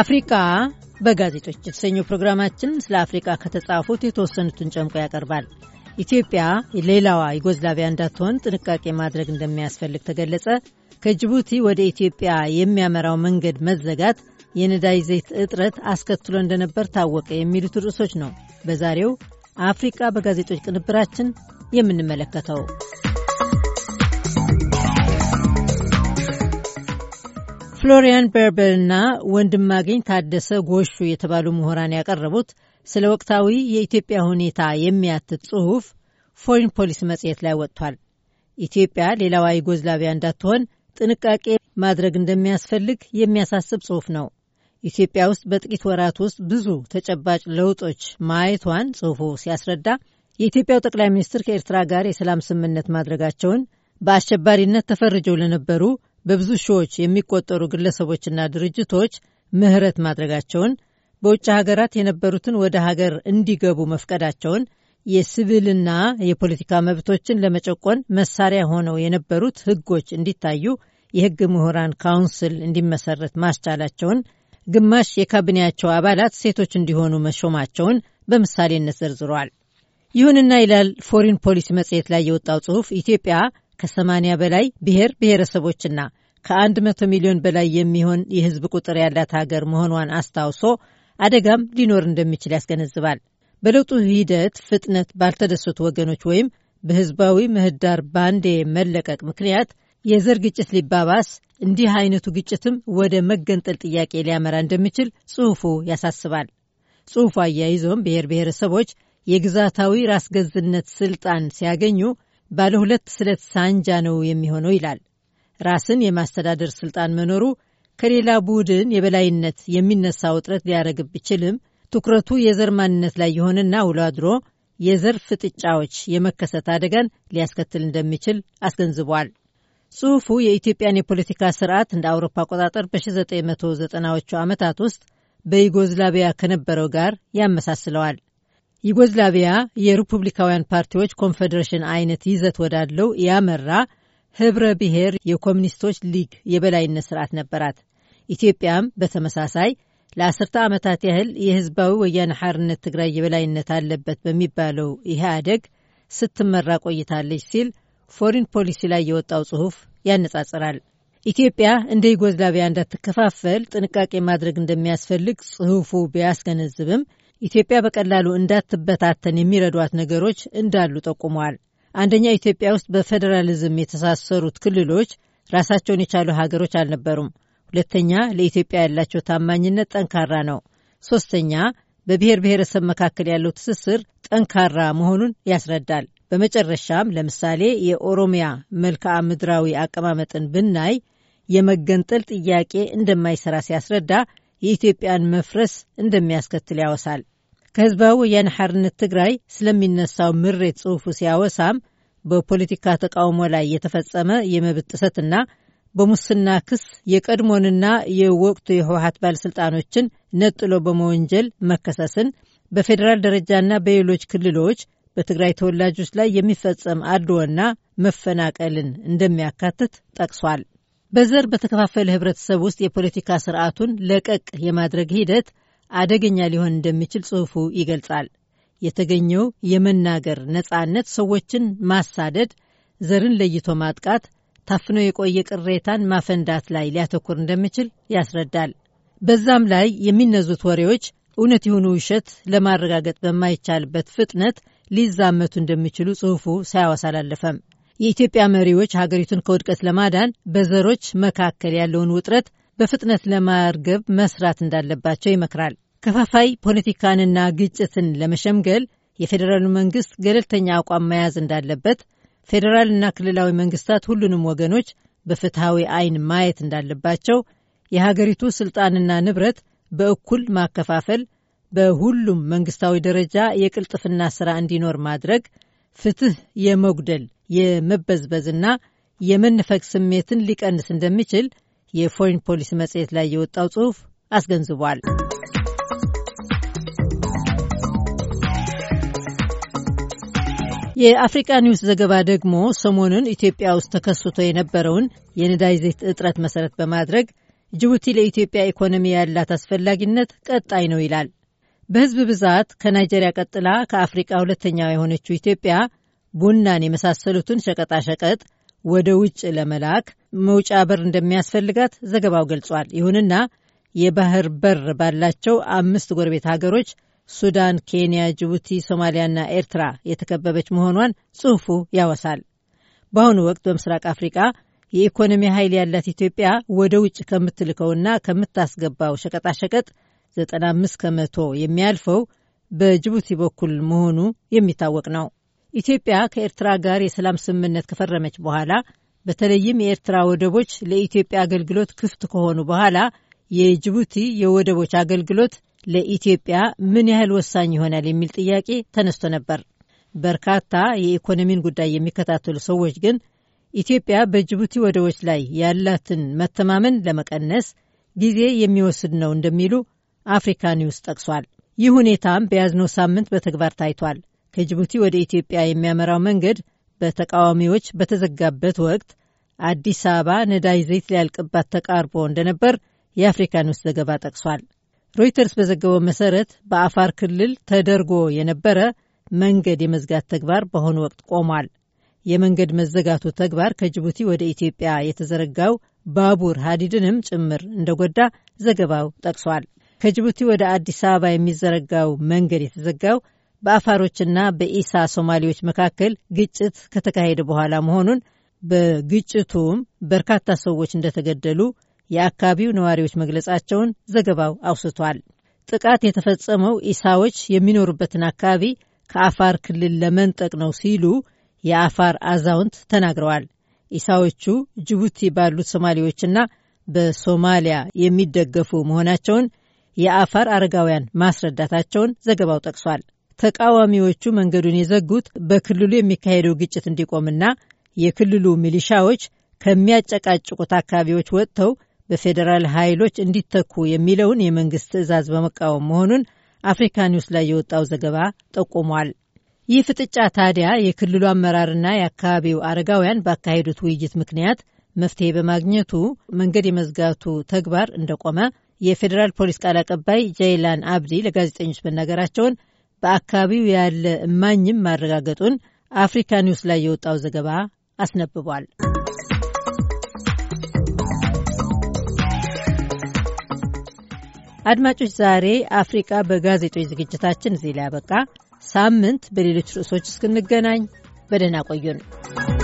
አፍሪካ በጋዜጦች የተሰኘው ፕሮግራማችን ስለ አፍሪካ ከተጻፉት የተወሰኑትን ጨምቆ ያቀርባል። ኢትዮጵያ ሌላዋ ዩጎዝላቪያ እንዳትሆን ጥንቃቄ ማድረግ እንደሚያስፈልግ ተገለጸ፣ ከጅቡቲ ወደ ኢትዮጵያ የሚያመራው መንገድ መዘጋት የነዳጅ ዘይት እጥረት አስከትሎ እንደነበር ታወቀ፣ የሚሉት ርዕሶች ነው በዛሬው አፍሪካ በጋዜጦች ቅንብራችን የምንመለከተው። ፍሎሪያን በርበርና ወንድማገኝ ታደሰ ጎሹ የተባሉ ምሁራን ያቀረቡት ስለ ወቅታዊ የኢትዮጵያ ሁኔታ የሚያትት ጽሑፍ ፎሪን ፖሊሲ መጽሔት ላይ ወጥቷል። ኢትዮጵያ ሌላዋ ዩጎዝላቪያ እንዳትሆን ጥንቃቄ ማድረግ እንደሚያስፈልግ የሚያሳስብ ጽሑፍ ነው። ኢትዮጵያ ውስጥ በጥቂት ወራት ውስጥ ብዙ ተጨባጭ ለውጦች ማየቷን ጽሑፉ ሲያስረዳ የኢትዮጵያው ጠቅላይ ሚኒስትር ከኤርትራ ጋር የሰላም ስምምነት ማድረጋቸውን በአሸባሪነት ተፈርጀው ለነበሩ በብዙ ሺዎች የሚቆጠሩ ግለሰቦችና ድርጅቶች ምህረት ማድረጋቸውን፣ በውጭ ሀገራት የነበሩትን ወደ ሀገር እንዲገቡ መፍቀዳቸውን፣ የሲቪልና የፖለቲካ መብቶችን ለመጨቆን መሳሪያ ሆነው የነበሩት ህጎች እንዲታዩ የህግ ምሁራን ካውንስል እንዲመሰረት ማስቻላቸውን፣ ግማሽ የካቢኔያቸው አባላት ሴቶች እንዲሆኑ መሾማቸውን በምሳሌነት ዘርዝረዋል። ይሁንና ይላል ፎሪን ፖሊሲ መጽሔት ላይ የወጣው ጽሑፍ ኢትዮጵያ ከ80 በላይ ብሔር ብሔረሰቦችና ከ100 ሚሊዮን በላይ የሚሆን የህዝብ ቁጥር ያላት ሀገር መሆኗን አስታውሶ አደጋም ሊኖር እንደሚችል ያስገነዝባል። በለውጡ ሂደት ፍጥነት ባልተደሰቱ ወገኖች ወይም በህዝባዊ ምህዳር ባንዴ መለቀቅ ምክንያት የዘር ግጭት ሊባባስ፣ እንዲህ አይነቱ ግጭትም ወደ መገንጠል ጥያቄ ሊያመራ እንደሚችል ጽሑፉ ያሳስባል። ጽሑፉ አያይዞም ብሔር ብሔረሰቦች የግዛታዊ ራስ ገዝነት ስልጣን ሲያገኙ ባለ ሁለት ስለት ሳንጃ ነው የሚሆነው ይላል። ራስን የማስተዳደር ስልጣን መኖሩ ከሌላ ቡድን የበላይነት የሚነሳ ውጥረት ሊያደርግ ቢችልም ትኩረቱ የዘር ማንነት ላይ የሆነና ውሎ አድሮ የዘር ፍጥጫዎች የመከሰት አደጋን ሊያስከትል እንደሚችል አስገንዝቧል። ጽሑፉ የኢትዮጵያን የፖለቲካ ስርዓት እንደ አውሮፓ አቆጣጠር በ1990ዎቹ ዓመታት ውስጥ በዩጎዝላቪያ ከነበረው ጋር ያመሳስለዋል። ዩጎዝላቪያ የሪፑብሊካውያን ፓርቲዎች ኮንፌዴሬሽን አይነት ይዘት ወዳለው ያመራ ህብረ ብሔር የኮሚኒስቶች ሊግ የበላይነት ስርዓት ነበራት። ኢትዮጵያም በተመሳሳይ ለአስርተ ዓመታት ያህል የህዝባዊ ወያነ ሓርነት ትግራይ የበላይነት አለበት በሚባለው ኢህአደግ ስትመራ ቆይታለች ሲል ፎሪን ፖሊሲ ላይ የወጣው ጽሑፍ ያነጻጽራል። ኢትዮጵያ እንደ ዩጎዝላቪያ እንዳትከፋፈል ጥንቃቄ ማድረግ እንደሚያስፈልግ ጽሑፉ ቢያስገነዝብም ኢትዮጵያ በቀላሉ እንዳትበታተን የሚረዷት ነገሮች እንዳሉ ጠቁመዋል። አንደኛ ኢትዮጵያ ውስጥ በፌዴራሊዝም የተሳሰሩት ክልሎች ራሳቸውን የቻሉ ሀገሮች አልነበሩም። ሁለተኛ ለኢትዮጵያ ያላቸው ታማኝነት ጠንካራ ነው። ሶስተኛ በብሔር ብሔረሰብ መካከል ያለው ትስስር ጠንካራ መሆኑን ያስረዳል። በመጨረሻም ለምሳሌ የኦሮሚያ መልክዓ ምድራዊ አቀማመጥን ብናይ የመገንጠል ጥያቄ እንደማይሰራ ሲያስረዳ የኢትዮጵያን መፍረስ እንደሚያስከትል ያወሳል። ከህዝባዊ ወያነ ሐርነት ትግራይ ስለሚነሳው ምሬት ጽሑፉ ሲያወሳም በፖለቲካ ተቃውሞ ላይ የተፈጸመ የመብት ጥሰትና በሙስና ክስ የቀድሞንና የወቅቱ የህወሀት ባለሥልጣኖችን ነጥሎ በመወንጀል መከሰስን፣ በፌዴራል ደረጃና በሌሎች ክልሎች በትግራይ ተወላጆች ላይ የሚፈጸም አድወና መፈናቀልን እንደሚያካትት ጠቅሷል። በዘር በተከፋፈለ ህብረተሰብ ውስጥ የፖለቲካ ስርዓቱን ለቀቅ የማድረግ ሂደት አደገኛ ሊሆን እንደሚችል ጽሑፉ ይገልጻል። የተገኘው የመናገር ነጻነት ሰዎችን ማሳደድ፣ ዘርን ለይቶ ማጥቃት፣ ታፍኖ የቆየ ቅሬታን ማፈንዳት ላይ ሊያተኩር እንደሚችል ያስረዳል። በዛም ላይ የሚነዙት ወሬዎች እውነት የሆኑ ውሸት ለማረጋገጥ በማይቻልበት ፍጥነት ሊዛመቱ እንደሚችሉ ጽሑፉ ሳያወሳ አላለፈም። የኢትዮጵያ መሪዎች ሀገሪቱን ከውድቀት ለማዳን በዘሮች መካከል ያለውን ውጥረት በፍጥነት ለማርገብ መስራት እንዳለባቸው ይመክራል። ከፋፋይ ፖለቲካንና ግጭትን ለመሸምገል የፌዴራሉ መንግስት ገለልተኛ አቋም መያዝ እንዳለበት፣ ፌዴራልና ክልላዊ መንግስታት ሁሉንም ወገኖች በፍትሐዊ አይን ማየት እንዳለባቸው፣ የሀገሪቱ ስልጣንና ንብረት በእኩል ማከፋፈል፣ በሁሉም መንግስታዊ ደረጃ የቅልጥፍና ስራ እንዲኖር ማድረግ ፍትህ የመጉደል የመበዝበዝና የመነፈግ ስሜትን ሊቀንስ እንደሚችል የፎሪን ፖሊሲ መጽሔት ላይ የወጣው ጽሑፍ አስገንዝቧል። የአፍሪቃ ኒውስ ዘገባ ደግሞ ሰሞኑን ኢትዮጵያ ውስጥ ተከስቶ የነበረውን የነዳጅ ዘይት እጥረት መሰረት በማድረግ ጅቡቲ ለኢትዮጵያ ኢኮኖሚ ያላት አስፈላጊነት ቀጣይ ነው ይላል። በህዝብ ብዛት ከናይጀሪያ ቀጥላ ከአፍሪቃ ሁለተኛ የሆነችው ኢትዮጵያ ቡናን የመሳሰሉትን ሸቀጣሸቀጥ ወደ ውጭ ለመላክ መውጫ በር እንደሚያስፈልጋት ዘገባው ገልጿል። ይሁንና የባህር በር ባላቸው አምስት ጎረቤት ሀገሮች ሱዳን፣ ኬንያ፣ ጅቡቲ፣ ሶማሊያና ኤርትራ የተከበበች መሆኗን ጽሑፉ ያወሳል። በአሁኑ ወቅት በምስራቅ አፍሪቃ የኢኮኖሚ ኃይል ያላት ኢትዮጵያ ወደ ውጭ ከምትልከውና ከምታስገባው ሸቀጣሸቀጥ 95 ከመቶ የሚያልፈው በጅቡቲ በኩል መሆኑ የሚታወቅ ነው። ኢትዮጵያ ከኤርትራ ጋር የሰላም ስምምነት ከፈረመች በኋላ በተለይም የኤርትራ ወደቦች ለኢትዮጵያ አገልግሎት ክፍት ከሆኑ በኋላ የጅቡቲ የወደቦች አገልግሎት ለኢትዮጵያ ምን ያህል ወሳኝ ይሆናል የሚል ጥያቄ ተነስቶ ነበር። በርካታ የኢኮኖሚን ጉዳይ የሚከታተሉ ሰዎች ግን ኢትዮጵያ በጅቡቲ ወደቦች ላይ ያላትን መተማመን ለመቀነስ ጊዜ የሚወስድ ነው እንደሚሉ አፍሪካ ኒውስ ጠቅሷል። ይህ ሁኔታም በያዝነው ሳምንት በተግባር ታይቷል። ከጅቡቲ ወደ ኢትዮጵያ የሚያመራው መንገድ በተቃዋሚዎች በተዘጋበት ወቅት አዲስ አበባ ነዳጅ ዘይት ሊያልቅባት ተቃርቦ እንደነበር የአፍሪካ ኒውስ ዘገባ ጠቅሷል። ሮይተርስ በዘገበው መሰረት በአፋር ክልል ተደርጎ የነበረ መንገድ የመዝጋት ተግባር በአሁኑ ወቅት ቆሟል። የመንገድ መዘጋቱ ተግባር ከጅቡቲ ወደ ኢትዮጵያ የተዘረጋው ባቡር ሀዲድንም ጭምር እንደጎዳ ዘገባው ጠቅሷል። ከጅቡቲ ወደ አዲስ አበባ የሚዘረጋው መንገድ የተዘጋው በአፋሮችና በኢሳ ሶማሌዎች መካከል ግጭት ከተካሄደ በኋላ መሆኑን፣ በግጭቱም በርካታ ሰዎች እንደተገደሉ የአካባቢው ነዋሪዎች መግለጻቸውን ዘገባው አውስቷል። ጥቃት የተፈጸመው ኢሳዎች የሚኖሩበትን አካባቢ ከአፋር ክልል ለመንጠቅ ነው ሲሉ የአፋር አዛውንት ተናግረዋል። ኢሳዎቹ ጅቡቲ ባሉት ሶማሌዎችና በሶማሊያ የሚደገፉ መሆናቸውን የአፋር አረጋውያን ማስረዳታቸውን ዘገባው ጠቅሷል። ተቃዋሚዎቹ መንገዱን የዘጉት በክልሉ የሚካሄደው ግጭት እንዲቆምና የክልሉ ሚሊሻዎች ከሚያጨቃጭቁት አካባቢዎች ወጥተው በፌዴራል ኃይሎች እንዲተኩ የሚለውን የመንግስት ትዕዛዝ በመቃወም መሆኑን አፍሪካ ኒውስ ላይ የወጣው ዘገባ ጠቁሟል። ይህ ፍጥጫ ታዲያ የክልሉ አመራርና የአካባቢው አረጋውያን ባካሄዱት ውይይት ምክንያት መፍትሄ በማግኘቱ መንገድ የመዝጋቱ ተግባር እንደቆመ የፌዴራል ፖሊስ ቃል አቀባይ ጀይላን አብዲ ለጋዜጠኞች መናገራቸውን በአካባቢው ያለ እማኝም ማረጋገጡን አፍሪካ ኒውስ ላይ የወጣው ዘገባ አስነብቧል። አድማጮች፣ ዛሬ አፍሪቃ በጋዜጦች ዝግጅታችን እዚህ ላይ ያበቃ። ሳምንት በሌሎች ርዕሶች እስክንገናኝ በደህና ቆዩን።